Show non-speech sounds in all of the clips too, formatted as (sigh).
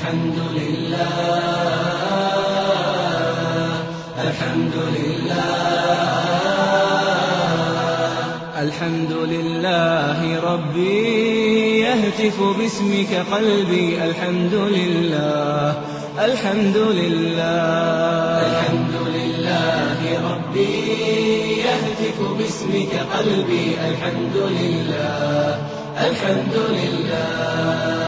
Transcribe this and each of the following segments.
الحمد لله الحمد لله الحمد لله ربي يهتف باسمك قلبي الحمد لله الحمد لله الحمد لله ربي يهتف باسمك قلبي الحمد لله الحمد لله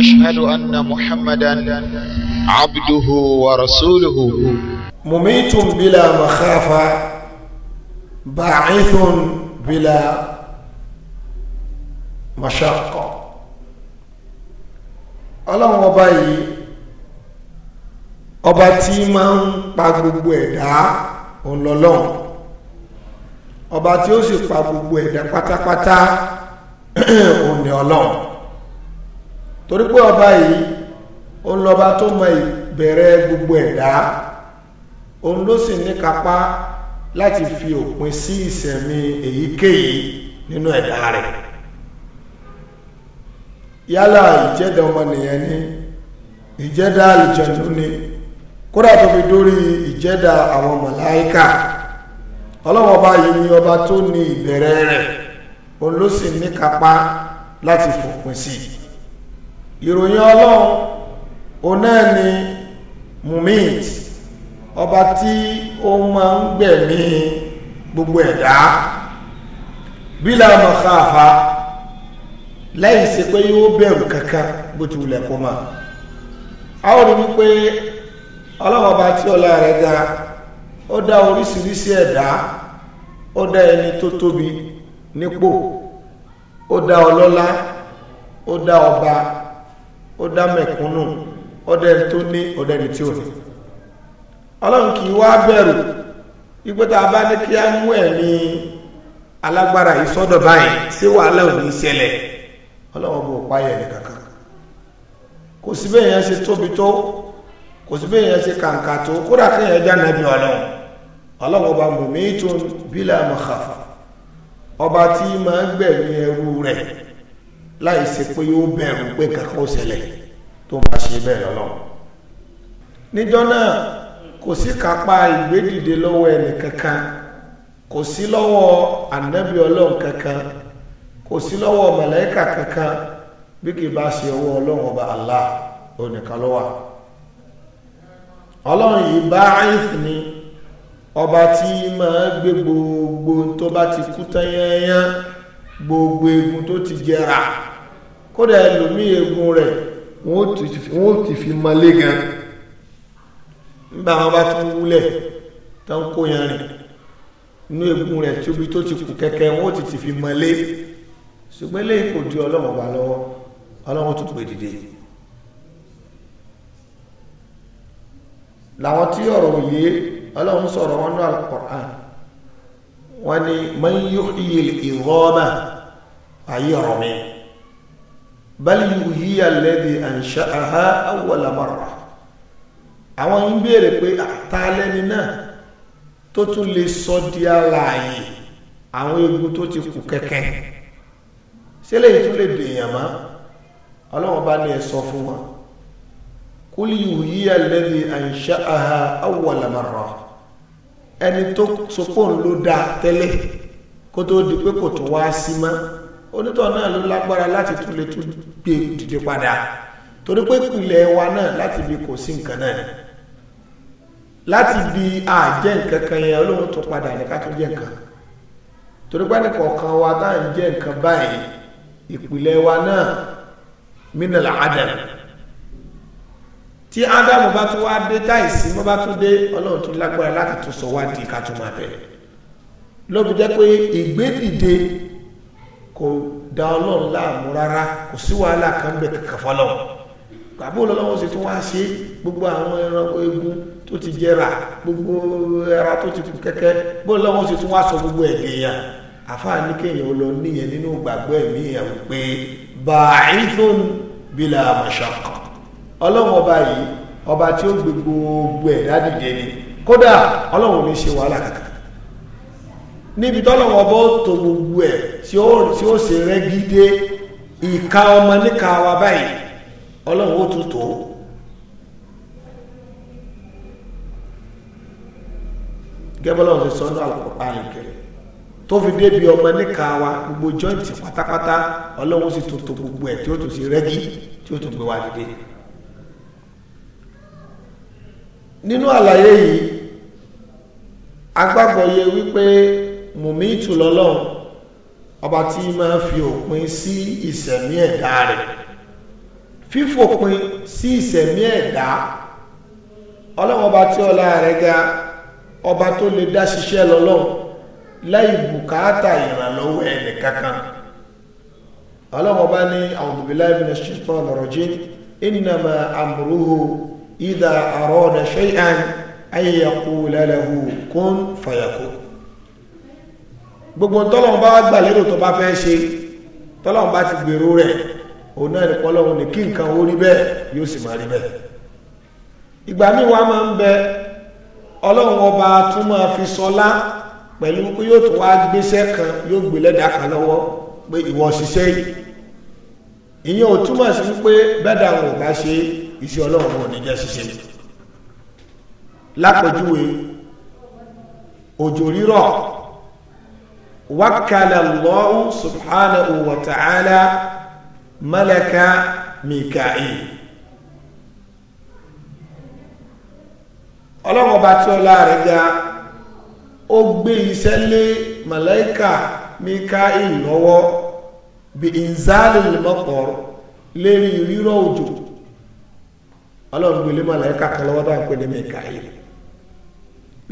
أشهد أن محمدا عبده ورسوله مميت بلا مخافة باعث بلا مشقة ọlọ́run ọba yìí ọba tí máa ń pa gbogbo ẹ̀dá ọlọ́lọ́run ọba tí ó sì pa gbogbo ẹ̀dá pátápátá (clears throat) òun ọlọ́run torí pé ọba yìí ó ń lọba tó mọ ìbẹ̀rẹ̀ gbogbo ẹ̀dá òun ló sì ní kápá láti fi òpin sí ìṣẹ̀mí èyíkéyìí nínú ẹ̀dá rẹ̀ yálà ìjẹ́dá ọmọnìyàn ni ìjẹ́dá àlùjànnú ni kódà tó fi dórí ìjẹ́dá àwọn màláíkà ọlọ́wọ́ ọba yìí ni ọba tó ní ìbẹ̀rẹ̀ rẹ̀ òun ló sì ní kápá láti fòpin sí i ìròyìn ọlọ́run o náà ọba tí ó ń gbẹ̀mí gbogbo ẹ̀dá bílá mọ̀káàfà lẹ́yìn ṣe pé yíó bẹ̀rù kankan bó ti wulẹ̀ kó a ó rí wípé ọlọ́run ọba tí ọlá rẹ̀ ga ó dá oríṣiríṣi ẹ̀dá ó dá ẹni tó tóbi nípò ọba ó dá mẹ̀kúnnù ọdẹ tó ní ọdẹ ní tí ò ní ọlọ́run kì í wá bẹ̀rù wípé tá a bá ní kí á mú ẹ̀mí alágbára yìí sọ́dọ̀ báyìí sí wàhálà ò ní ṣẹlẹ̀ ọlọ́run bò páyẹ̀ ní kankan kò sí bẹ́ẹ̀ yẹn ṣe tóbi tó kò sí bẹ́ẹ̀ yẹn ṣe kàǹkà tó kódà já nàbí ọlọ́run ọlọ́run láì ṣe pé yóò bẹ̀rù pé kankan ó ṣẹlẹ̀ tó bá ṣe bẹ́ẹ̀ ọlọ́run níjọ́ náà kò sí kápá ìgbédìde lọ́wọ́ ẹnì kankan kò sí lọ́wọ́ ànábì ọlọ́run kankan kò sí lọ́wọ́ màláíkà kankan bí kì bá ṣe ọwọ́ ọlọ́run ọba Allah onìkan ló wà ọlọ́run yìí bá àìsí ni ọba tí máa gbé gbogbo tó bá ti kú tán yányán gbogbo egun tó ti jẹrà o ẹlòmíì egun rẹ̀ wọ́n ó ti fi malé gan nígbà wọn bá tún wúlẹ̀ tó ń kó yan rìn inú egun rẹ̀ tóbi tó ti kù kẹ́kẹ́ wọ́n ó ti ti fi malé ṣùgbọ́n lẹ́yìn kò di ọlọ́wọ́n bá lọ́wọ́ ọlọ́wọ́n tó pè dìde làwọn tí ọ̀rọ̀ òye sọ̀rọ̀ wọn ní Al-Qur'an wọ́n ní man yuhyil idhama ayé bal yuhiya alladhi ansha'aha awwala marra àwọn yìí ń béèrè pé àtàlẹ́ni náà tó tún lè sọ di alààyè àwọn egun tó ti kù kẹ̀kẹ́ sílẹ̀ yìí tún lè dèèyàn mọ́ ọlọ́run bá ní ẹ sọ fún wọn kul yuhiya alladhi ansha'aha awwala marra ẹni tó sopọ̀ ń ló dáa tẹ́lẹ̀ kó tó di pé kò tún wá sí mọ́ onítọ̀ náà ló lágbára láti tún lè tún gbé dìde padà torí pé ìpìlẹ̀ wa náà láti bí kò sí nǹkan náà láti bí àjẹ́ nǹkan kan yẹn olóhun tó padà ní ká jẹ́ nǹkan torí pé nìkọ̀ọ̀kan wa náà ń jẹ́ nǹkan báyìí ìpìlẹ̀ wa náà mínàlá adam tí ádámù bá tún wá dé táìsí mọ́ bá tún dé ọlọ́run tún lágbára láti tún sọ wá di ká tún máa bẹ̀rẹ̀ ló jẹ́ pé ìgbédìde kò da ọlọ́run láàmú rárá kò sí wàhálà kan bẹ̀ kankan fọlọ́run gbàgbó ọlọ́run sì tún wá sí gbogbo àwọn ẹranko egun tó ti jẹrà gbogbo ẹra tó ti kẹ́kẹ́ gbogbo ọlọ́run sì tún wá sọ gbogbo ẹ̀dẹ̀ yẹn àfáà ní kéèyàn ó lọ níyẹn nínú gbàgbọ́ ẹ̀mí yẹn wípé bàáìsùn bílà mọ̀ṣọ́kàn ọlọ́run ọba yìí ọba tí ó gbé gbogbo ẹ̀dá dìde ni kódà ọlọ́run ò ní ṣe wàhálà kankan níbi tọ́lọ̀wọ́ bó tó gbogbo ẹ̀ tí ó sì rẹ́gídé ìka ọmọ níka wa báyìí ọlọ́run ó tún tó gẹ́bọ́lọ́run ti sọ́nà àlùkọ́pá nìkẹ́rẹ́ tó fi débi ọmọ níka wa gbogbo jọ́ǹtì pátápátá ọlọ́run sì tún tó gbogbo ẹ̀ tí ó tún sí rẹ́gí tí ó tún gbé wa dìde nínú àlàyé yìí agbábọ̀yé wípé mùmíìtù lọ́lọ́run ọba tí máa fi òpin sí ìṣẹ̀mí ẹ̀dá rẹ̀ fífòpin sí ìṣẹ̀mí ẹ̀dá ọlọ́run ọba tí ọlá rẹ̀ ga ọba tó lè dá ṣiṣẹ́ lọ́lọ́run láì bùkátà ìrànlọ́wọ́ ẹnì kankan ọlọ́run ọba ní a'udhu billahi minash shaitanir rajim innama amruhu idha arada shay'an ay yaqula lahu kun fayakun gbogbo tọ́lọ̀un bá gbà lérò tó bá fẹ́ ṣe tọ́lọ̀un bá ti gbèrò rẹ̀ o náà ní pọ́lọ́run ní kí nǹkan ó rí bẹ́ẹ̀ yóò sì máa rí bẹ́ẹ̀ ìgbà míì wá máa ń bẹ ọlọ́run ọba tún máa fi sọlá pẹ̀lú pé yóò tún wá gbéṣẹ́ kan yóò gbé lẹ́dà kan lọ́wọ́ pé ìwọ ṣiṣẹ́ yìí ìyẹn ò túmọ̀ sí pé bẹ́ẹ̀dà wọn ò bá ṣe iṣẹ́ ọlọ́run ò ní jẹ́ ṣiṣẹ́ lápẹjúwe òjò rírọ̀ wakala Allahu subhanahu wa ta'ala malaka Mika'il ọlọ́run ọba tí ọlá rẹ̀ ga ó gbé iṣẹ́ lé màláíkà Mika'il lọ́wọ́ bí inzalil matar lérí rírọ̀ òjò ọlọ́run gbélé màláíkà kan lọ́wọ́ bá ní Mika'il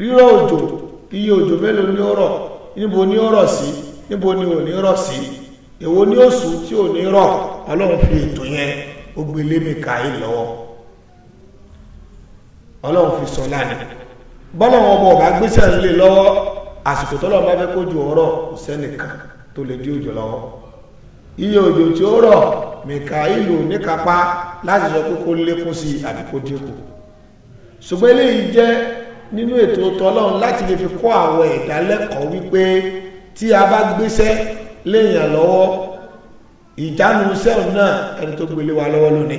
rírọ̀ òjò iye òjò mélòó ní ọ̀rọ̀ níbo ni ó rọ̀ sí níbo ni ò ní rọ̀ sí èwo ni ó tí ò ní rọ̀ ọlọ́run fi ètò yẹn ó gbé yìí lọ́wọ́ ọlọ́run fi sọ lánàá ọmọ ọ̀gá gbéṣẹ́ ńlẹ̀ lọ́wọ́ àsìkò bá fẹ́ kójú ọ̀rọ̀ kò iye òjò tí ó rọ̀ mìkàílù níkapá láti sọ pé kó lékún sí dínkù ṣùgbọ́n nínú ètò tọ́lọ́run láti lè fi kọ́ àwọn ẹ̀dá lẹ́kọ̀ọ́ wípé tí a bá gbéṣẹ́ léèyàn lọ́wọ́ ìjánu sẹ́wọ̀n náà ẹni tó gbélé wa lọ́wọ́ lónìí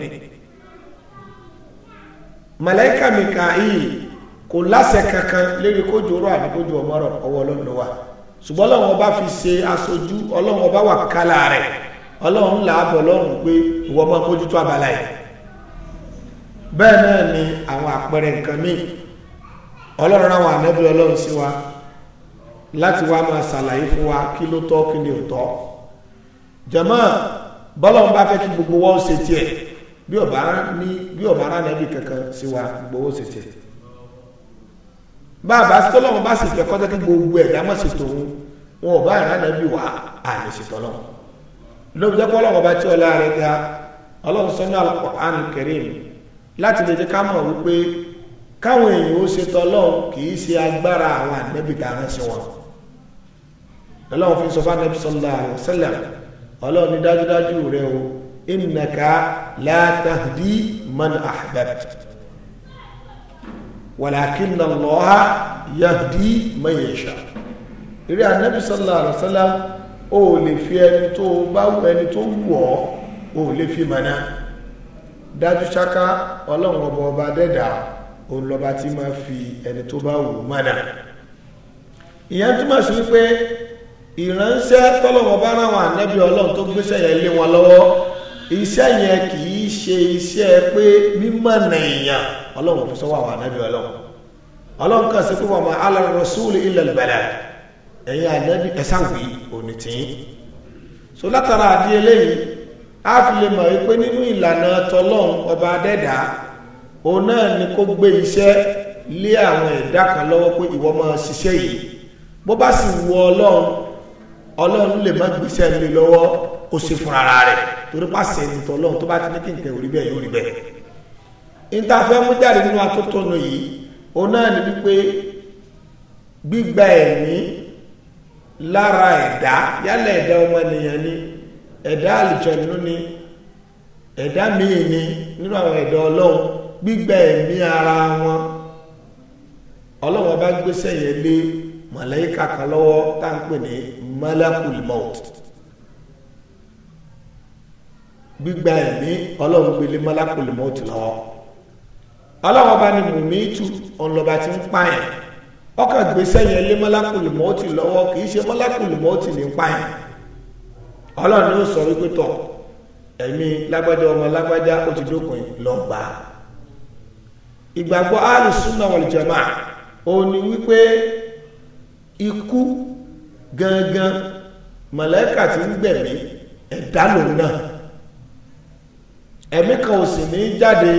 màláíkà Mikail kò láṣẹ kankan lérí kójú ọ̀rọ̀ àdìgbòjú ọmọ rẹ ọwọ́ Ọlọ́run ló wà ṣùgbọ́n Ọlọ́run ọba fi ṣe aṣojú Ọlọ́run ọba wà kálá rẹ Ọlọ́run làábọ Ọlọ́run pé ìwọ máa mójútó abala yìí bẹ́ẹ̀ náà ni àwọn àpẹẹrẹ nǹkan míì ọlọ́run àwọn ànábì ọlọ́run sí wa láti wá máa ṣàlàyé fún wa kí ló tọ́ kí ni ò tọ́ jàmáà bọ́lọ́run bá fẹ́ kí gbogbo wa ó ṣe tiẹ̀ bí ọba ní bí ọba ara nàbì kankan sí wa gbogbo ó ṣe tiẹ̀ bá a bá sí tọ́lọ́run bá sì fẹ́ kọ́tọ́ kí gbogbo ẹ̀dá mọ̀ sí tòun wọn ò bá ara nàbì wá àmì sí tọ́lọ́run lóbi jẹ́ pọ́lọ́run ọba tí ọlá rẹ̀ ga ọlọ́run sọ ní Al-Qur'an láti lè jẹ́ ká mọ̀ wípé káwọn èèyàn ó ṣe tọ́lọ́hun kìí ṣe agbára àwọn ànábì tààrán sí wọn ọlọ́run fi sọ fánàbí sallallahu alaihi wasallam ọlọ́run ní dájúdájú rẹ o innaka la tahdi man ahbabta walakinna Allaha yahdi eré ànábì sallallahu alaihi wasallam ó lè fi ẹni tó bá wù ẹni tó wù ọ́ ó lè fi mọ̀nà dájú ṣáká ọlọ́run ọba ọba dẹ́dàá òun lọ́ba tí máa fi ẹni tó bá wù mọ́nà ìyẹn túmọ̀ sí wípé ìránṣẹ́ tọ́lọ́wọ́ bá ráwọn ànábì ọlọ́run tó gbéṣẹ́ yẹn lé wọn lọ́wọ́ iṣẹ́ yẹn kì í ṣe iṣẹ́ pé mímọ̀nà èèyàn ọlọ́run fi sọ́wọ́ àwọn ànábì ọlọ́run ọlọ́run kàn sí pé wọ́n máa ala rasul illa al ànábì ẹ̀sàwì òní tìyín so látara àdí eléyìí a fi lè mọ̀ wípé nínú ìlànà tọ́lọ́run ọba adẹ́dàá òun náà ni kó gbé iṣẹ́ lé àwọn ẹ̀dá kan lọ́wọ́ pé ìwọ máa ṣiṣẹ́ yìí bó bá sì wù ọlọ́run ọlọ́run lè má gbéṣẹ́ lé lọ́wọ́ kó ṣe fún ara rẹ̀ torí pàṣẹ ìtọ́ ọlọ́run tó bá ti ní kí nǹkan ò rí bẹ́ẹ̀ yóò rí bẹ́ẹ̀ níta mú jáde nínú atótónu yìí òun náà ni wípé gbígba ẹ̀mí lára ẹ̀dá yálẹ̀ ẹ̀dá ọmọnìyàn ni ẹ̀dá àlùjọ̀nú ni ẹ̀dá míì ni nínú àwọn ẹ̀dá ọlọ́run gbígba ẹ̀mí ara wọn ọlọ́wọ́ bá gbéṣẹ́ yẹn lé màláíkà kan lọ́wọ́ tá à ń pè ní malakul maut gbígba ẹ̀mí ọlọ́run gbélé malakul maut lọ́wọ́ ọlọ́wọ́ bá ní mùmíìtù ọlọ́ba ti ń pààyàn ọkàn gbéṣẹ́ yẹn lé malakul maut lọ́wọ́ kì í ṣe malakul ní ìgbàgbọ́ alùsùnà wàlìjàmà òun ni wípé ikú gangan màláíkà tí ń gbẹ̀mí ẹ̀dá lòun náà ẹ̀mí kan ò sì ní jáde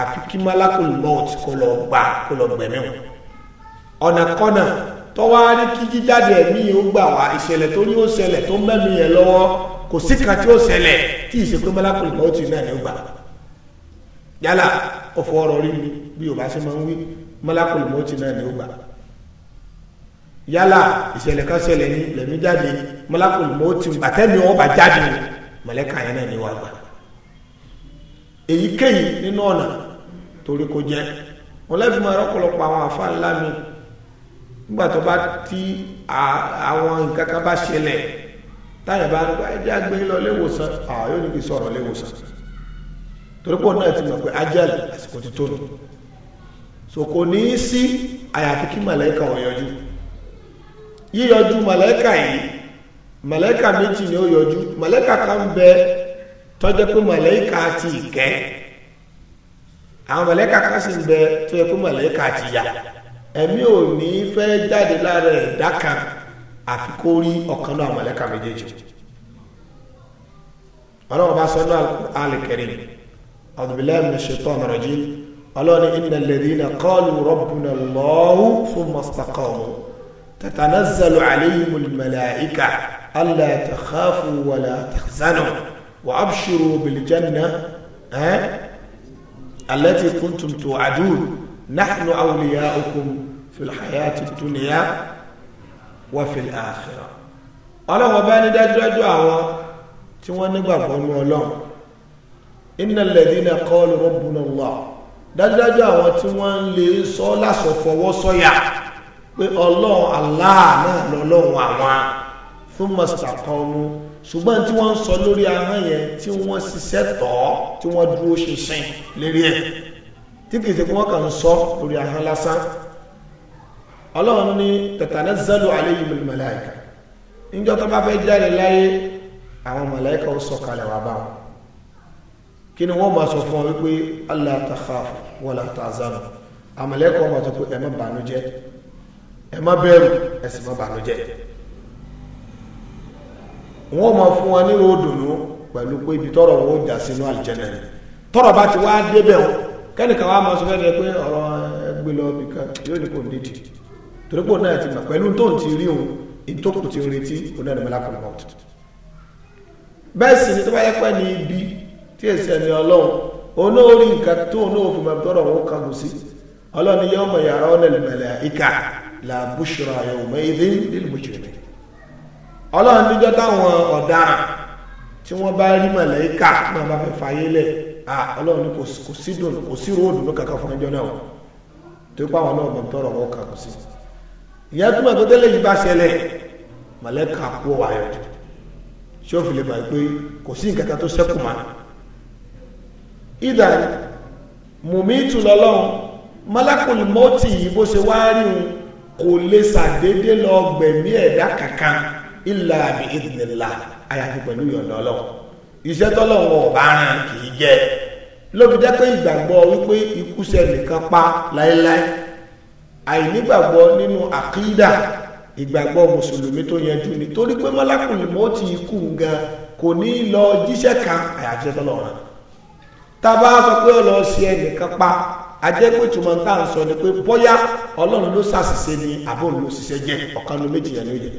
àfi kí malakul mọ́ọ̀tì kó lọ gbà kó lọ gbẹ̀mí wọn ọ̀nà kọ́nà tó wá ní kí jíjáde ẹ̀mí ó gbà wá ìṣẹ̀lẹ̀ tó ní ó ṣẹlẹ̀ tó mẹ́mí yẹn lọ́wọ́ kò sí tí ó ṣẹlẹ̀ tí ìṣèpé malakul mọ́ọ̀tì náà ní ó gbà yálà ọ̀fọ̀ ọ̀rọ̀ rí ni bí yorùbá ṣe máa ń wí mọ́lákùn mọ́tì náà ni ó gbà yálà ìṣẹ̀lẹ̀ kan ṣẹlẹ̀ ní lẹ́mí jáde mọ́lákùn mọ́tì bàtẹ́mi ọba jáde mọ̀lẹ́kà yẹn náà ni wà gbà èyíkéyìí nínú ọ̀nà torí kò jẹ́ wọn lẹ́bi máa rọ́pọ̀lọpọ̀ àwọn àfa ńlá mi nígbà tó bá ti àwọn nǹkan kan bá ṣẹlẹ̀ táyà bá ń gbà ẹjẹ́ àgbẹ̀ lọ léwòsàn àyọ̀ níbi sọ̀rọ̀ léwòsàn torí pọ̀ náà ti mọ̀ pé ajal àsìkò ti tó so kò ní í sí àyàfi kí màlẹ́kà ò yọjú yíyọjú màlẹ́kà yìí màlẹ́kà méjì ni ó yọjú màlẹ́kà kan bẹ tọ́jẹ́ pé màlẹ́kà ti ìkẹ́ àwọn màlẹ́kà kan sì ń bẹ tọ́jẹ́ pé màlẹ́kà ti yà ẹ̀mí ò ní fẹ́ jáde lára ẹ̀dá kan àfi kó rí ọ̀kan náà màlẹ́kà méjèèjì ọlọ́run bá sọ náà alìkẹrì أعوذ بالله من الشيطان الرجيم ألا إن الذين قالوا ربنا الله ثم استقاموا تتنزل عليهم الملائكة ألا تخافوا ولا تحزنوا وأبشروا بالجنة ها التي كنتم توعدون نحن أولياؤكم في الحياة الدنيا وفي الآخرة ألا وبان ní dájúdájú àwọn tí wọ́n innal ladhina qalu rabbuna Allah dájúdájú àwọn tí wọ́n ń lè sọ lásọ fọwọ́ sọ́yà pé ọlọ́run Allah náà lọ́lọ́run àwọn thumma istaqamu ṣùgbọ́n tí wọ́n ń sọ lórí ahọ́n yẹn tí wọ́n ṣiṣẹ́ tọ́ tí wọ́n dúró ṣinṣin lérí ẹ̀ tí kìí ṣe kí wọ́n kàn ń sọ lórí ahọ́n lásán ọlọ́run ní tatanazzalu alayhimul malaika níjọ́ tó bá fẹ́ jáde láyé àwọn màláíkà sọ̀kalẹ̀ wá bá kí ni wọ́n máa sọ fún ọ wípé Allah takhaf wala tahzanu àmàlẹ́kọ̀ máa sọ pé ẹ má bànújẹ́ ẹ má bẹ̀rù ẹ sì má bànújẹ́ wọ́n máa fún wa nílò òdùnnú pẹ̀lú pé ibi tọrọ wọn ó jà sínú àlìjẹ́nà tọrọ bá ti wá débẹ̀ wọn kẹ́nìkan wá máa sọ fẹ́ni pé ọ̀rọ̀ ẹgbẹ́ lọ nìkan yóò ní kò ní dìdì torí pé òun náà ti mọ̀ pẹ̀lú tóun ti rí òun ìtókù ti retí òun náà ní mọ́lá kan mọ́ bẹ́ẹ̀ sì ni tó bá yẹ pẹ́ ní ibi tí èsì ẹni ọlọ́run olórí nǹkan tó olóò fi máa tọrọ òun kan kù sí ọlọ́run ni yawma yarawna al-malaika la bushra yawma idhin lil-mujrimin ọlọ́run níjọ́ táwọn ọ̀daràn tí wọ́n bá rí màláíkà náà bá fẹ́ fàyé lẹ̀ ọlọ́run ní kò sí dùn kò sí ròdù ní kankan fún ẹjọ́ náà tó pa àwọn náà bọ̀n tọrọ ọkà kò sí sí ìdá mùmítù lọ́lọ́run malakul mọ́tì yìí bó ṣe wá rí kò lè ṣàdédé lọ gbẹ̀mí ẹ̀dá kankan ìlà àbí ìdìnnìlà àyàfi pẹ̀lú ìyọ̀ǹda ọlọ́run iṣẹ́ tọ́lọ́run ọ̀bá rán kì í lóbi pé wípé nìkan pa láéláé nínú àkídà mùsùlùmí tó yẹjú ni tábà sọ pé ó lọ sí ẹnìkan pa ajẹ́pẹ́ tó máa ń tà ń sọ ni pé bóyá ọlọ́run ló ṣàṣìṣe ni àbò ló ṣiṣẹ́ jẹ́ ọ̀kan ló méjì yẹn ló yẹ.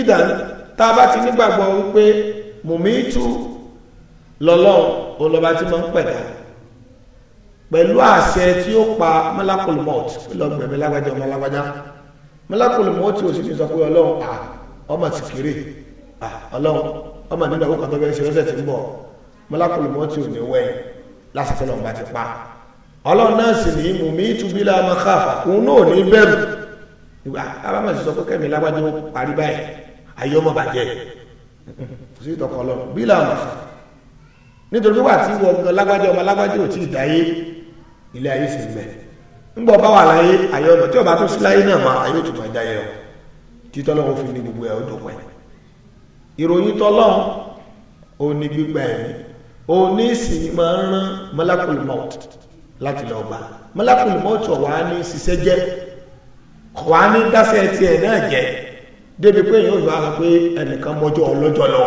ìdàn tábà ti nígbàgbọ́ wípé mùmíìtù lọ́lọ́run olọba tí máa ń pẹ̀dá pẹ̀lú àṣẹ tí ó pa malakul mort lọ́gbẹ̀mí lágbájá ọmọ lágbájá malakul mort ò sì ti sọ pé ọlọ́run ọmọ ti kéré ọlọ́run ọmọ nínú ọkọ̀ tó bẹ́ẹ̀ ṣe lọ́sẹ̀ tí ń bọ̀ mọ́lákùlù mọ́ tí ò ní wẹ́yìn lásìkò náà bá ti pa ọlọ́run náà sì ní mú mi tún bílá ọmọ káfà òun náà ní bẹ̀rù ìgbà abámọ̀ sì sọ pé kẹ́mi lágbájú parí báyìí ayé ọmọ bàjẹ́ kò sí ìtọ́kọ ọlọ́run bílá ọmọ káfà nítorí wíwà tí wọ́n gan lágbájú ọmọ lágbájú ò tí ì dáyé ilé ayé sì mẹ́ ńgbọ́ bá wà láyé ayé ọmọ tí ọba tó sí láyé náà máa ayé òtún máa dáyé ọ títọ́ lọ́wọ́ fi ní gbogbo ẹ̀ ọdún pẹ́ ìròyìn tọ́lọ́run ó ní gbígbà ẹ̀mí òun ní ìsìn máa ń rán malakul maut láti lọ bá malakul maut ọ̀wá ní ṣiṣẹ́ jẹ́ ọ̀wá ní dáṣẹ́ tiẹ̀ náà jẹ́ débi pé èèyàn yóò wá pé ẹnìkan mọ́jọ́ ọlọ́jọ́ lọ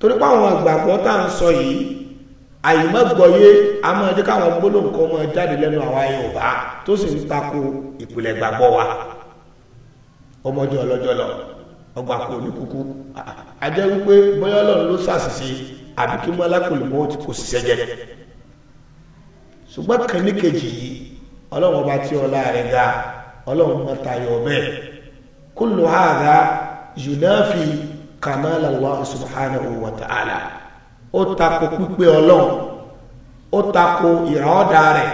torí pé àwọn àgbàgbọ́ tá à ń sọ yìí àyìnbọ́gbọ́yé a máa jẹ́ káwọn gbólóhùn kan máa jáde lẹ́nu àwa Yorùbá tó sì ń tako ìpìlẹ̀ gbàgbọ́ wa ọmọdé ọlọ́jọ́ lọ ọgbà kò ní kúkú a jẹ́ wípé bóyá Ọlọ́run ló ṣàṣìṣe àbí kí malakul maut kò sì sẹ́jẹ́ ṣùgbọ́n kan ní kejì yìí ọlọ́run ọba tí ọlá rẹ̀ ga ọlọ́run máa tayọ bẹ́ẹ̀ kullu hadha yunafi kamal Allah subhanahu wa ta'ala ó tako pípé ọlọ́run ó tako ìrànọ́dà rẹ̀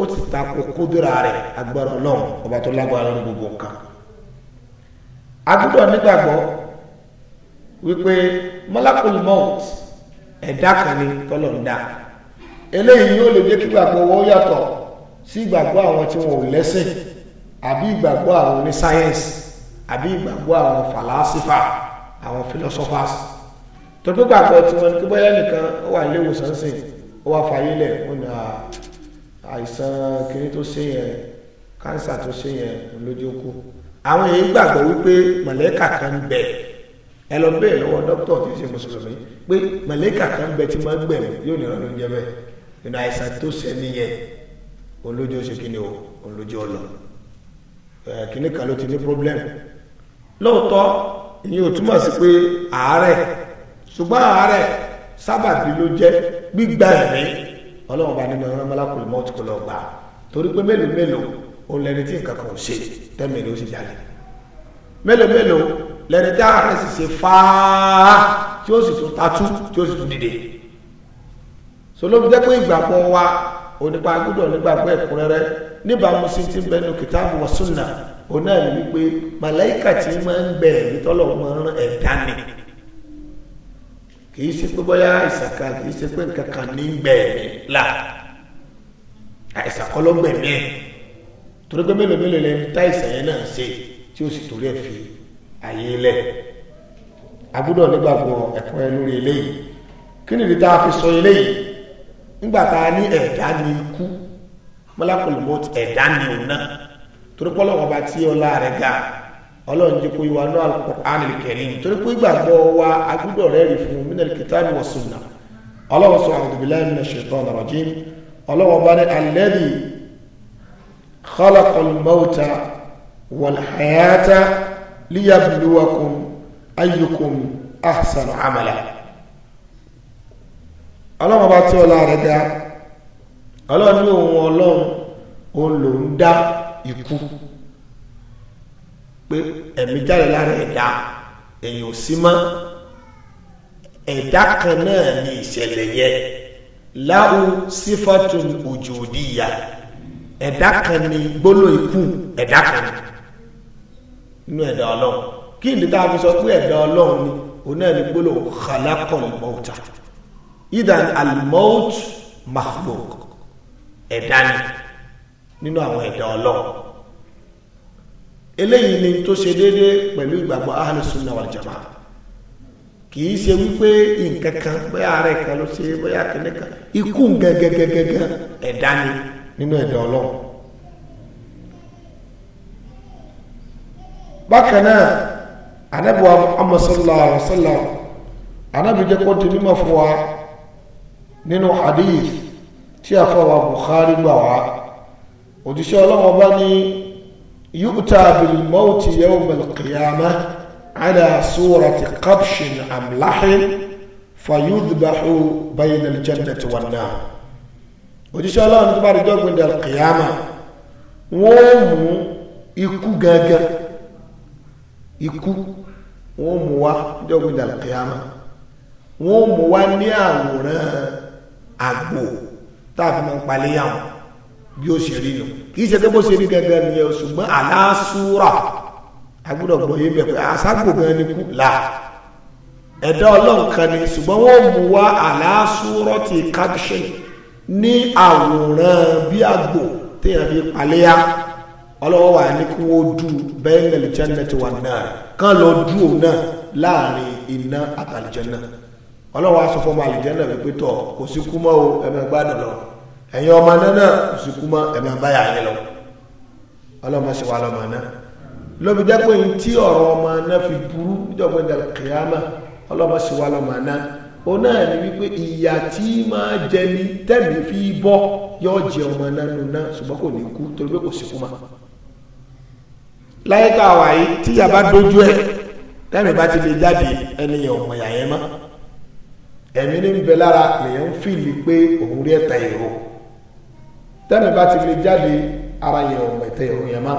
ó ti tako kúdúrà rẹ̀ agbára ọlọ́run ọba tó lágbára ní gbogbo nǹkan a nígbàgbọ́ wípé malakul maut ẹ̀dá kan ni tọ́lọ̀ ń dá eléyìí yóò lè jẹ́ kí gbàgbọ́ wọn yàtọ̀ sí ìgbàgbọ́ àwọn tí wọn ò lẹ́sìn àbí ìgbàgbọ́ àwọn oní sáyẹ́ǹsì àbí ìgbàgbọ́ àwọn fàlásífà àwọn philosophers tó pé gbàgbọ́ tí wọn ní kí bóyá nìkan ó wà nílé ìwòsàn sìn ó wá fàyè lẹ̀ ó ní àìsàn kìíní tó ṣe yẹn kánsà tó ṣe yẹn lójú kú àwọn èyí gbàgbọ́ wípé mọ̀lẹ́kà kan ń ẹ lọ bẹ́ẹ̀ lọ́wọ́ dókítà tí ó ṣe mùsùlùmí pé màlẹ́kà kan bẹ tí máa ń gbẹ̀mí yóò ní ọ̀rọ̀ oúnjẹ bẹ́ẹ̀ nínú àìsàn tó ṣẹ nìyẹn olójú ó ṣe ni o olójú ó lọ kan ló ti ní problem lóòótọ́ ìyẹn ò túmọ̀ sí pé àárẹ̀ ṣùgbọ́n àárẹ̀ sábàbí ló jẹ́ gbígba ẹ̀mí ọlọ́run bá nínú ọ̀rọ̀ mọ́lákùlù mọ́tò kò lọ gbà torí pé mélòó mélòó òun lẹni tí nǹkan kan ò ṣe tẹ́mẹ̀lẹ́ ó sì jáde mélòó mélòó lẹ́ni tí ààrẹ sì ṣe fáá tí ó sì tún tatú tí ó sì tún dìde solóbi jẹ́ pé ìgbàgbọ́ wa onípa gbọ́dọ̀ nígbàgbọ́ ẹ̀kúnrẹ́rẹ́ níbàámu sí ti bẹnu kìtàbù wa sunna òun náà ní wípé màláìkà tí máa ń bẹ̀ ẹ̀mí tọ́lọ̀ máa ń ẹ̀dá ni kìí ṣe pé bóyá ìsàkà kìí ṣe pé nǹkan kan ní gbẹ̀mí là àìsàn ló gbẹ̀mí ẹ̀ torí pé mélòó mélòó lẹ́ni tá ìsàn náà ṣe tí ó sì torí ẹ̀ fi àyè ilẹ̀ agbúdọ̀ nígbàgbọ́ ẹ̀kọ́ ẹ lórí eléyìí kí nìdí tá a fi sọ eléyìí nígbà tá a ní ẹ̀dá ni ikú mọ́lákùnrin mọ́t ẹ̀dá ni òun náà torí pé ọlọ́run ọba tí ọlá rẹ̀ ga ọlọ́run kó yíwa náà Al-Qur'an Al-Karim wa agbúdọ̀ rẹ̀ rí fún min al-kitab wa sunnah ọlọ́run sọ a'udhu billahi minash shaitanir rajim ọlọ́run ọba ní alladhi khalaqal mawta hayata liyabluwakum ayyukum ahsanu amala ọlọ́run bá tí ọlá rẹ̀ ga ọlọ́run ní òun ọlọ́run òun ló ń da iku pé ẹ̀mí jáde lára ẹ̀dá èyí ò sí mọ́ ni inú ẹ̀dá ọlọ́run kí ìdí tá a fi sọ pé ẹ̀dá ọlọ́run ni òun náà ní gbólóhùn khalaqal mauta idan al-maut makhluq ẹ̀dá ni nínú àwọn ẹ̀dá ọlọ́run eléyìí ni tó ṣe déédéé pẹ̀lú ìgbàgbọ́ ahlus sunnah wal jamaa kì í ṣe wípé nǹkan kan bóyá ara ẹ̀ka ló ṣe bóyá kìnìkan ikú gẹ́gẹ́gẹ́gẹ́gẹ́ ẹ̀dá ni nínú ẹ̀dá ọlọ́run bákan náà Ànábì wa Muhammad sallallahu alaihi wa sallam Ànábì jẹ́ kó di mímọ̀ fún wa nínú hadith tí a fọwọ́ Bukhari gbà wá òjíṣẹ́ ọlọ́wọ́ bá ní yu'ta bil mawti yawm al-qiyamah ala surati qabshin amlahin fayudbahu bayna al-jannati wan-nar ọlọ́wọ́ ní tó bá rí jọ́gbìn dal qiyamah wọ́n mú ikú gangan ikú wọn mú wá jọ́gbìn dàlùkìyàmá wọn mú wá ní àwòrán àgbò táàfin máa ń paléyà wọn bí ó ṣe rí nù kì í ṣe pé bó ṣe rí gẹ́gẹ́ nìyẹn ṣùgbọ́n aláṣúra agbọ́dọ̀ gbọ́ yé bẹ̀ pé àṣàgbò gan ni kú là ẹ̀dá ọlọ́run kan ni ṣùgbọ́n wọ́n mú wá aláṣúrọ́ ti caption ní àwòrán bí àgbò téèyàn fi paléyà ọlọ́wọ́ wà ní kí wọ́n dù bẹ́ẹ̀ lẹ́lẹ̀ jẹ́nẹ̀tì wà náà kán lọ dù òun náà láàrin iná àtàlìjẹ́nà ọlọ́wọ́ aṣọ fọmọ àlìjẹ́nà wípé tọ̀ kò sí kú mọ́ o ẹ̀mẹ̀ gbádùn lọ ẹ̀yin ọmọ náà náà kò sí kú mọ́ ẹ̀mẹ̀ báyà yẹn lọ ọlọ́mọ sì wà lọ́mọ náà lóbi dẹ́pọ̀ yìí tí ọ̀rọ̀ ọmọ náà fi burú níjọba ìdàlù kìámà ọlọ́mọ sì wà láyé tá a wà yìí tíyà bá dojú ẹ tẹ́mi bá ti lè jáde ẹnìyàn ọmọ ìyá yẹn mọ́ ẹ̀mí ní bẹ lára lèyàn ń fìlì pé òun rí ẹ̀tà ìró tẹ́mi bá ti lè jáde ara yẹn ọmọ ẹ̀tà ìró yẹn mọ́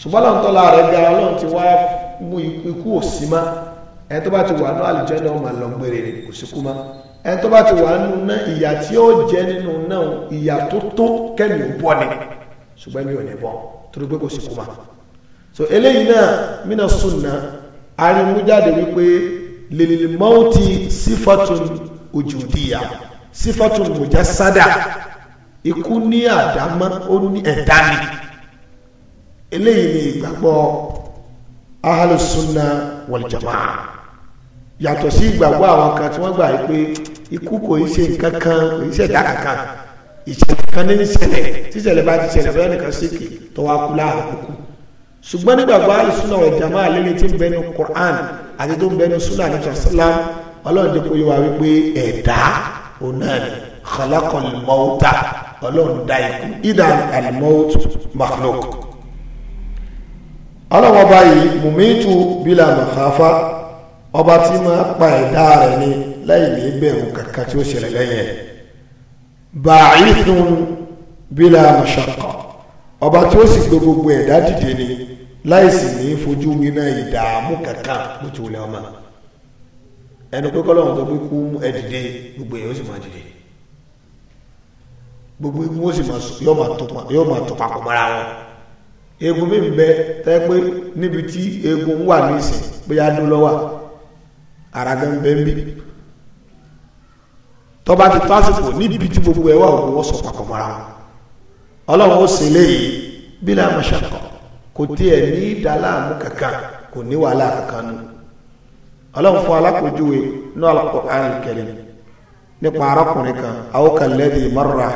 ṣùgbọ́n lọ́n tọ́lá rẹ̀ ga ọlọ́run ti wá mú ikú òsì mọ́ ẹni tó bá ti wà ní àlùjọ náà mà lọ gbére kò sí kú mọ́ ẹni tó bá ti wà nínú náà ìyà tí ó jẹ nínú náà ìyà tó tó kẹ́mi ò bọ́ ni ṣùgbọ́n mi ò ní bọ́ torí pé kò sí kú mọ́ so eléyìí náà mina sunna arimújáde wípé lèlèmọ́tì sífàtún òjòdìyà sífàtún mùjásádà ikú ní àdámọ́ ó ní ẹ̀dá ni eléyìí ni ìgbàgbọ́ ahalusunna wàlìjàmáà yàtọ̀ sí ìgbàgbọ́ àwọn kan tí wọ́n gbà pé ikú kò í ṣe nǹkan kan kò í ṣe ẹ̀dá kankan ìṣẹ̀lẹ̀ kan ní ìṣẹ̀lẹ̀ tíṣẹ̀lẹ̀ bá ti ṣẹlẹ̀ bẹ́ẹ̀ nìkan síkì tó wá kú láàrín kúkú ṣùgbọ́n nígbàgbọ́ àlùsùnà ọ̀jà máa lélẹ̀ tí ń bẹnu Qur'an àti tó ń bẹnu súnà ní sàlám ọlọ́run dẹ́kun yóò wá wípé ẹ̀dá òun náà ni khalaqal mauta ọlọ́run dá ikú ìdá al-maut makhluk. ọlọ́run ọba yìí mumitu bila makhafa ọba tí máa pa ẹ̀dá rẹ̀ ni láì ní bẹ̀rù kankan tí ó ṣẹlẹ̀ lẹ́yìn ẹ̀ ba'ithun bila mashaqqa ọba tí ó sì gbé gbogbo ẹ̀dá dìde ni láìsí ní fojú winá ìdààmú kankan lójú ilẹ̀ ọmọ ẹnu pé kọ́lọ́hún tó kú ẹ̀dìde gbogbo èèyàn ó sì máa dìde gbogbo egun ó sì yóò máa tó papọ̀ mọ́ra wọn egun mi ń bẹ tẹ́ pé níbi tí egun wà ní ìsìn bóyá dún lọ́wọ́ ara gan bẹ́ẹ̀ ń bí tọ́ba ti tó àsìkò níbi tí gbogbo ẹ̀ wà òkú wọ́n sọ papọ̀ mọ́ra wọn ọlọ́run ó sì léyìí bí náà mo ṣàkọ kò tiẹ̀ ní ìdáláàmú kankan kò ní wàhálà kankan nù ọlọ́run fún alákòójúwe ní Al-Qur'an al-Karim nípa arákùnrin kan awokàlẹ́dì marra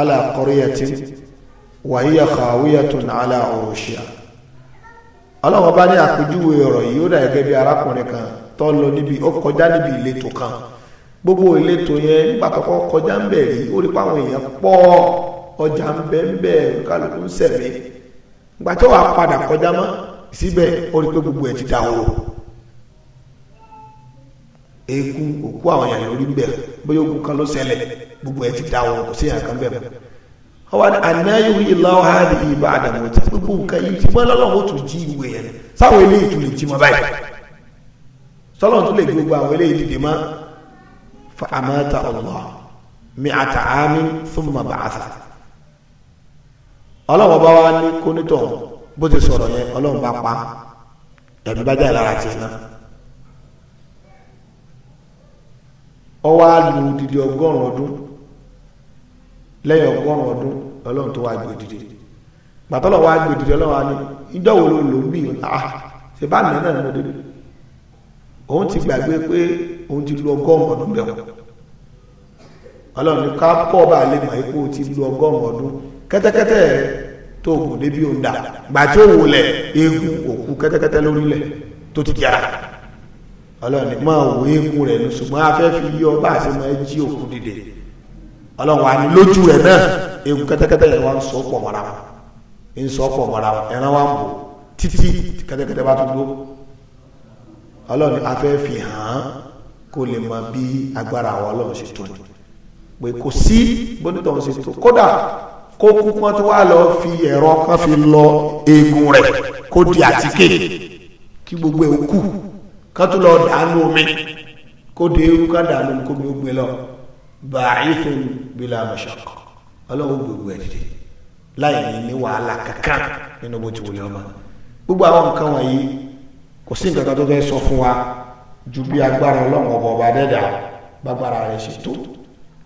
ala qaryatin wa hiya khawiyatun ala urushiha ọlọ́run bá ní àpèjúwe ọ̀rọ̀ yìí ó dà gẹ́gẹ́ bí arákùnrin kan tó lọ níbi ó kọjá níbi ìletò kan gbogbo ìletò yẹn nígbà tó kọjá ń bẹ̀ ó rí páwọn èèyàn pọ̀ ọjà ń bẹ ń bẹ kálukú ń sẹ̀mí ìgbà tí wàá padà kọjá mọ́ síbẹ̀ ó rí pé gbogbo ẹ̀ ti dà wọ́rọ̀ eku òkú àwọn èèyàn lórí ń bẹ bóyá ogun kan ló ṣẹlẹ̀ gbogbo ẹ̀ ti dà wọ́rọ̀ kò sí èèyàn kan bẹ̀ mọ́ àwọn ànáyé wí ìlàwọ̀ hàdì ìbá àdàmọ̀ tí gbogbo nǹkan yìí ti mọ́ lọ́lọ́wọ́ tó jí ìwé yẹn sáwọn ilé ìtulè jí mọ́ báyìí sọ́lọ́n tó lè gbogbo àwọn ilé ìdìdè mọ́ fa amata Allah mi àtàámi fún mọ̀ bàtà ọlọ́run bá wá ní kónítọ̀ bó ti sọ̀rọ̀ yẹn ọlọ́run bá pa ẹ̀mí bá jáde lára ti náà. ọ wá lu didi ọgọ́rùn-ún ọdún lẹ́yìn ọgọ́rùn-ún ọdún ọlọ́run tó wá gbé didi gbàtọ́lọ̀ wá gbé didi ọlọ́run á ní ìjọ ah, ti gbàgbé pé òun ti lu ọgọ́rùn-ún ọdún ọlọ́run ká pọ̀ bá lè mọ̀ kẹ́tẹ́kẹ́tẹ́ tó gùn débi òǹdà gbà tí ó wulẹ̀ eegun òkú kẹ́tẹ́kẹ́tẹ́ lórílẹ̀ tó ti jara ọlọ́run mọ́ òun eegun rẹ̀ nù ṣùgbọ́n a fẹ́ fi yọ bá a ṣe máa jí òkú dìde ọlọ́run wa ni lójú rẹ̀ náà eegun kẹ́tẹ́kẹ́tẹ́ yẹn wá ń sọ pọ̀ mọ́ra wọn ń sọ pọ̀ mọ́ra wọn ẹran wa ń bò títí kẹ́tẹ́kẹ́tẹ́ bá tún gbó ọlọ́run ni fi hàn án kó lè mọ bí agbára àwọn ọlọ́run ṣe tó pé kò sí bónítọ̀ ń ṣe tó kódà kó kú pọ́n tó wà lọ fi ẹ̀rọ kan fi lọ eegun rẹ̀ kó di àtíkè kí gbogbo ẹ̀ kú kán tó lọ dànù omi kó de eru ká dànù omi kó mi ó gbé lọ bàáyé tó ń gbé la ọlọ́run gbogbo ẹ̀ dìde láì ní ní wàhálà kankan nínú bó ti wọlé ọmọ gbogbo àwọn nǹkan wọ̀nyí kò sí nǹkan kan tó fẹ́ sọ fún wa ju bí agbára ọlọ́run ọba ọba dẹ́dà bá agbára rẹ̀ ṣe tó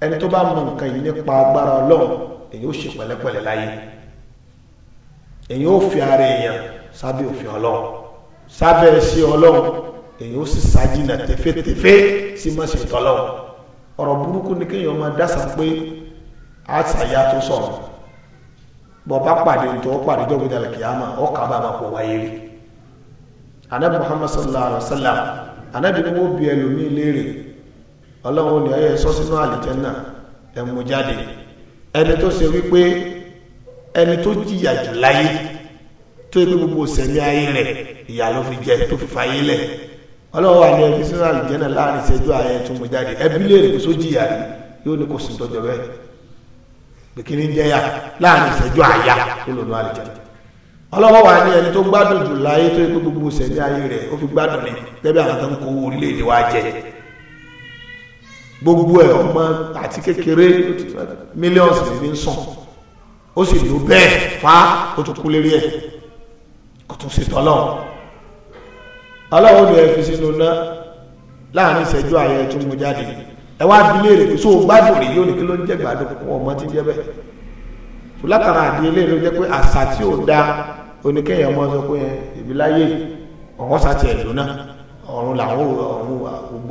ẹni tó bá mọ nǹkan yìí nípa agbára ọlọ́run èyí ó ṣe pẹ̀lẹ́pẹ̀lẹ́ láyé èyí ó fi ara èèyàn sábẹ́ òfin ọlọ́run sábẹ́ ẹṣẹ́ ọlọ́run èyí ó sì sájìnà tẹ́fẹ́tẹ́fẹ́ sí mọ́ṣẹ̀tọ́ ọlọ́run ọ̀rọ̀ burúkú ni kéèyàn máa dásà pé àtàyà tó sọ̀rọ̀ bọ̀ bá pàdé tó pàdé tó gbẹdẹ kìámà ọkà bá máa kó wáyé rí anabi muhammad sallallahu alaihi wa sallam anabi ni wọ́n bí ẹlòmíì léèrè ọlọ́run ni ayé sọ́sínú àlìjẹ́ náà ẹ̀mú jáde ẹni tó ṣe wípé ẹni tó jìyà jù láyé tó ebi gbogbo sẹ̀mí ayé rẹ̀ ìyà ló fi jẹ tó fi fa ayé lẹ̀ ọlọ́wọ́ wà ní ẹbí sínú àlùjẹ́nà láàrin ìṣẹ́jú ayé tó mú jáde ẹbí lè rí kó só jìyà rí yóò ní kó sì tọ́jọ́ bẹ́ẹ̀ bìkíní jẹ́yà láàrin ìṣẹ́jú àyà tó lòdù àlùjẹ́nà ọlọ́wọ́ wà ní ẹni tó gbádùn jù láyé tó ebi gbogbo sẹ̀mí ayé rẹ̀ ó fi gbádùn ní gẹ́gẹ́ àwọn tó ń kó orílẹ̀-èdè wa jẹ gbogbo ẹ̀ ọmọ àti kékeré millions ní ń sàn ó sì lò bẹ́ẹ̀ fa ó tún kú lérí ẹ̀ kò tún sí tọ́lọ̀ ọlọ́run ni ẹ fi sínú ná láàrin ìṣẹ́jú ayẹ tó mú jáde ẹ wá bí léèrè pé sóò gbádùn rí yóò ní kí ló ń jẹ́ gbádùn fún ọmọ tí ń jẹ́ bẹ́ẹ̀ látara àdí ilé ló jẹ́ pé àṣà tí ò da oníkẹ́yìn ọmọ sọ pé ìbíláyé ọ̀wọ́n sàtì ẹ̀dùn náà ọ̀run làwọn ọ̀run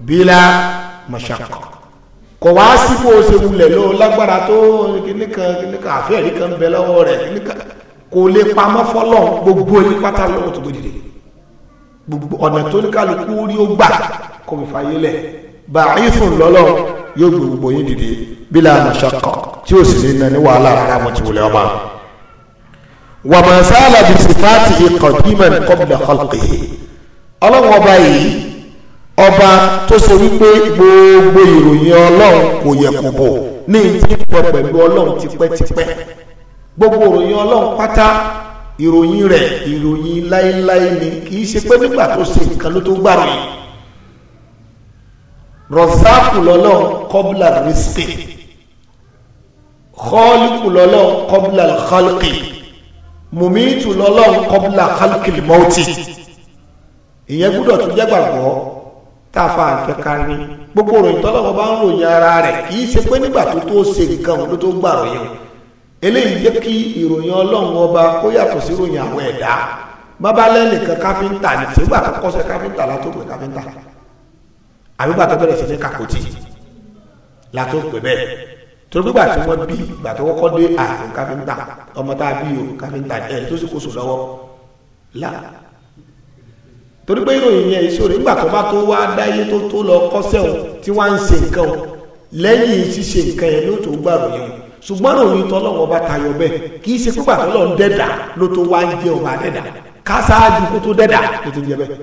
bílá mọ̀ṣàkọ̀ kò wá sí bó o ṣe wulẹ̀ ló lágbára tó kíníkan kíníkan àfẹ́rí kan bẹ lọ́wọ́ rẹ̀ kíníkan kò lè pamọ́ fọ́lọ́ gbogbo yín pátá lọ́wọ́ tó gbòdìdì gbogbo ọ̀nà tó ní kálukú rí ó gbà kò fi fàyè lẹ̀ bàáyísùn lọ́lọ́ yóò gbé gbogbo yín dìde bílá mọ̀ṣàkọ̀ tí ó sì ní ní wàhálà rárá mo ti wulẹ̀ ọmọ wà mọ̀ sáàlà bí sifáàtì ìkọ̀dímẹ̀ kọ́bìlẹ̀ kọ́lùkì ọlọ́wọ́ báyìí ọba tó ṣe wípé gbogbo ìròyìn ọlọ́run kò yẹ kò bọ̀ ní ti pọ̀ pẹ̀lú ọlọ́run tipẹ́tipẹ́ gbogbo ìròyìn ọlọ́run pátá ìròyìn rẹ̀ ìròyìn láéláé ni kì í ṣe pé nígbà tó ṣe nǹkan ló tó gbàrò yìí rọ̀sáàkù lọ́lọ́ kọ́bùlà rìsíkì kọ́ọ̀lùkù lọ́lọ́ kọ́bùlà kálkì mùmíìtù lọ́lọ́ kọ́bùlà kálkì mọ́tì ìyẹn gbúdọ̀ tó jẹ́ gbàgbọ́ táàfà àkẹ́kà ní gbogbo ròyìn tọ́lọ́wọ́ bá ń ròyìn ara rẹ̀ kì í ṣe pé nígbà tó tó ṣe nǹkan ló tó gbà ròyìn eléyìí jẹ́ kí ìròyìn ọlọ́run ọba kó yàtọ̀ sí ròyìn àwọn ẹ̀dá bábá lẹ́nìkan káfíńtà ní sígbà tó kọ́ṣẹ́ káfíńtà látó pè káfíńtà àbígbà tó bẹ̀rẹ̀ sí ní kàkótì látó pè bẹ́ẹ̀ torí pé ìgbà tí wọ́n bí ìgbà tó kọ́kọ́ dé àrùn káfíńtà ọmọ tá a bí o káfíńtà ẹ̀ tó sì kóso lọ́wọ́ torí pé ìròyìn yẹn ìṣòro nígbà tó bá tó wá dáyé tó tó lọ kọ́sẹ̀ o tí wá ń ṣe nǹkan o lẹ́yìn ṣíṣe nǹkan yẹn ló tó gbàrò yẹn o ṣùgbọ́n òyìn tọ́lọ́wọ́ bá tayọ bẹ́ẹ̀ kì í ṣe pípa tọ́lọ́ ń dẹ́dà ló tó wá ń jẹ ọba dẹ́dà kásáájú kó tó dẹ́dà ló tó ń jẹ bẹ́ẹ̀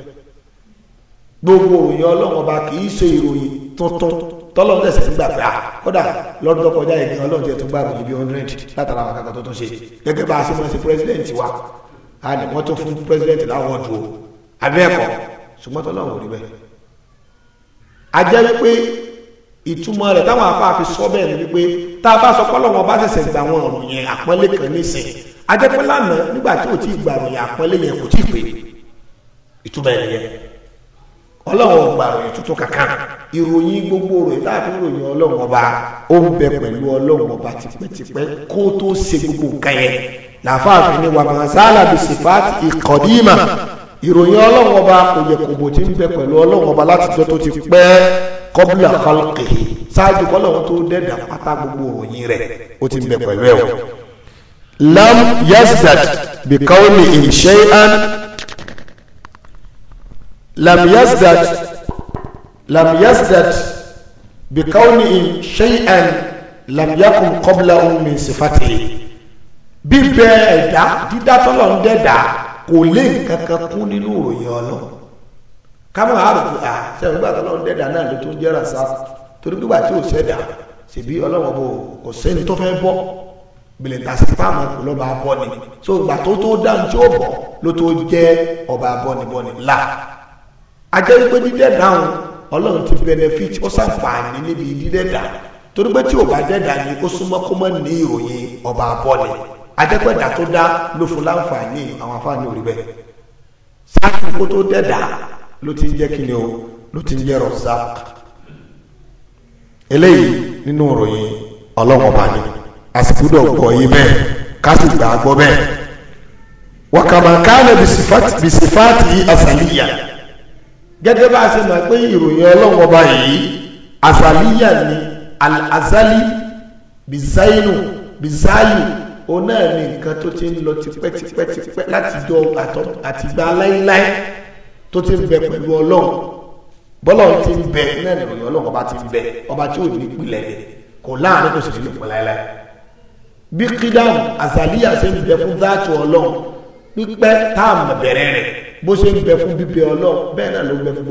gbogbo òyìn ọlọ́wọ́ bá kì í ṣe ìròyìn tuntun tọ́lọ́ tẹ̀sẹ̀ ń gbà pé à ah, kódà lọ́dún tó kọjá yìí kan ọlọ́run jẹ́ tó gbàrò yìí bí hundred látara àwọn akẹ́kọ̀ọ́ tó tún ṣe gẹ́gẹ́ bá a ṣe máa ṣe president wa a ní wọ́n tó fún president láwọn ọdún o abẹ́ẹ̀kọ́ ṣùgbọ́n tọ́lọ́run ò rí bẹ́ẹ̀ a jẹ́ wípé ìtumọ̀ rẹ̀ táwọn afá fi sọ bẹ́ẹ̀ ni wípé tá a bá sọ pé Ọlọ́run bá ṣẹ̀ṣẹ̀ gba àwọn ìròyìn àpọ́nlé kan nísìn a jẹ́ pé lánàá nígbà tí ò tí ì gba ìròyìn àpọ́nlé yẹn kò tí ì pé ìtumọ̀ ẹ̀ nìyẹn Ọlọ́run ò gba ìròyìn tuntun kankan ìròyìn gbogbo rẹ̀ tá a fi ròyìn Ọlọ́run ọba ó ń bẹ pẹ̀lú Ọlọ́run ọba tipẹ́tipẹ́ kó tó ṣe gbogbo nǹkan yẹn làfáàfin ni wàmọ̀ ìròyìn ọlọ́run ọba kò yẹ kò bò tí ń bẹ pẹ̀lú ọlọ́run ọba láti jọ tó ti pẹ́ kọ́bílà falkè ṣáájú kọ́lọ́run tó dẹ́dà pátá gbogbo òròyìn rẹ̀ ó ti bẹ pẹ̀lú ẹ̀ o. lam yazdad bi qawli lam yazdad lam yazdad bi qawli lam yakun qablahu min sifatihi bíbẹ ẹ̀dá dídá tọ́lọ̀ ń dẹ́dàá kò lé nǹkan kan kún nínú ìròyìn ọlọ́run kámọ́ àrùkù à sẹ́yìn nígbà tó lọ́n dẹ́dà náà ló tó ń jẹ́ra sá torí nígbà tí ò sẹ́dà ṣèbí ọlọ́run bò kò sẹ́ni tó fẹ́ bọ́ bìlẹ̀ tàṣí fáwọn kò lọ́ba bọ́ ni so ìgbà tó tó dáhùn tí ó bọ̀ ló tó jẹ́ ọba bọ́nibọ́ni là ajẹ́ wípé dídẹ́dáhùn ọlọ́run ti benefit ó sàǹfààní níbi dídẹ́dà torí pé tí ò bá dẹ́dà ni ó súnmọ́ kó mọ́ ní ìròyìn ọba bọ́ni adẹ́gbẹ̀dà tó dá ló fún láǹfààní àwọn afáàní òrí bẹ́ẹ̀ sáàkì kó tó dẹ̀dà ló ti ń jẹ́ kíni o ló ti ń jẹ́ rọ̀zák eléyìí nínú ìròyìn ọlọ́run ọba ni àsìkúdọ̀ gbọ́ yìí bẹ́ẹ̀ kásì gbà á gbọ́ bẹ́ẹ̀ wàkàmàkàlẹ̀ bìsífàtì àsàlíyà gẹ́gẹ́ bá a ṣe mọ̀ pé ìròyìn ọlọ́run ọba yìí àsàlíyà ni al-azali bizayinu o náà ní nǹkan tó ti ń lọ tipẹ́tipẹ́tipẹ́ láti jọ àtìgbà láíláí tó ti ń bẹ pẹ̀lú ọlọ́run bọ́lọ̀ ti ń bẹ náà nìròyìn ọlọ́run ọba ti ń bẹ ọba tí ò ní ìpìlẹ̀ kò láàrin kò sì ní ìpìlẹ̀ láíláí bí kídàmù àzàlíyà ṣe ń bẹ fún dáàtì ọlọ́run pípẹ́ táàmù bẹ̀rẹ̀ rẹ̀ bó ṣe ń bẹ fún bíbẹ ọlọ́run bẹ́ẹ̀ náà ló ń bẹ fún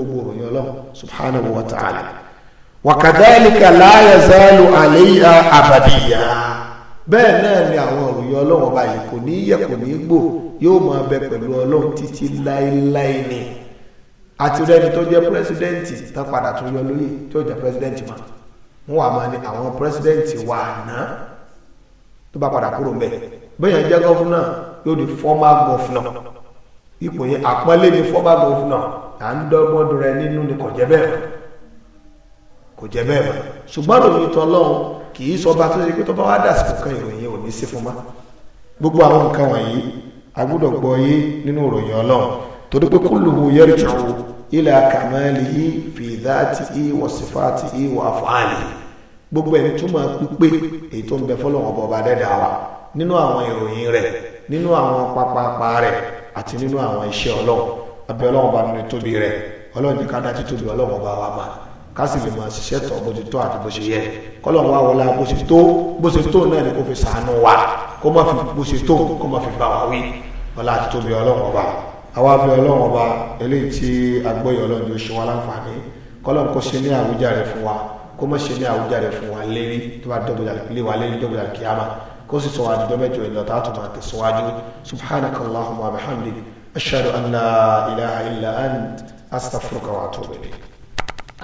gbogbo bẹ́ẹ̀ náà ni àwọn òròyìn ọlọ́run ọba yìí kò ní yẹ kò ní gbò yóò máa bẹ pẹ̀lú ọlọ́run títí láéláé ni àti rẹni tó jẹ́ pírẹsidẹ́ǹtì tán padà tó yọ lóyè tó jẹ́ pírẹsidẹ́ǹtì mọ́ wọn wà máa ní àwọn pírẹsidẹ́ǹtì wà ná tó bá padà kúrò mbẹ bẹ́ẹ̀ yẹn jẹ́ gọ́fúnà yóò di fọ́mà gọ́fúnà ipò yẹn àpọ́nlé ni fọ́mà gọ́fúnà à ń dọ́gbọ́n kì í sọba tó ṣe pé tó bá wá dàsìkò kan ìròyìn ò ní sí fún ma gbogbo àwọn nǹkan wọ̀nyí a gbọ́dọ̀ gbọ́ yé nínú ìròyìn ọlọ́run torí pé kulluhu yarji'u ila kamalihi fi dhatihi wa sifatihi wa af'alihi gbogbo ẹni tó máa pípé èyí tó ń bẹ fọlọ́run ọba ọba dẹ́dàá wa nínú àwọn ìròyìn rẹ̀ nínú àwọn pápápá rẹ̀ àti nínú àwọn iṣẹ́ ọlọ́run abẹ́ ọlọ́run ọba nínú tóbi rẹ̀ ọlọ́run ní ká dá títóbi ọlọ́run ọba wa máa kásì lè máa ṣiṣẹ́ tọ̀ bó ti tó àti bó ṣe yẹ kọ́lọ̀ wá wọlá bó ṣe tó bó ṣe tó náà ni kò fi sàánú wa kó má fi bó ṣe tó kó má fi bá wa wí wọlá àti tóbi ọlọ́run ọba àwa fi ọlọ́run ọba eléyìí tí agbóyè ọlọ́run yóò ṣe wá láǹfààní kọ́lọ̀ kó ṣe ní àwùjáre fún wa kó má ṣe ní àwùjáre fún wa lérí tó bá dọ́gbọ̀dà lé wa lérí dọ́gbọ̀dà kíyàmà kó sì sọ wa di dọ́mẹ́jọ ìlọta tó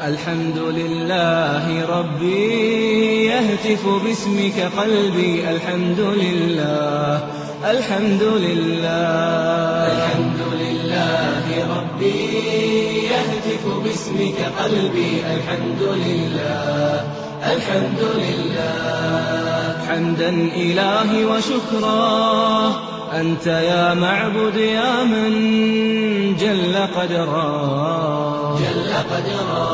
الحمد لله ربي يهتف باسمك قلبي الحمد لله الحمد لله الحمد لله ربي يهتف باسمك قلبي الحمد لله الحمد لله حمدا إله وشكرا أنت يا معبد يا من جل قدرا جل قدرا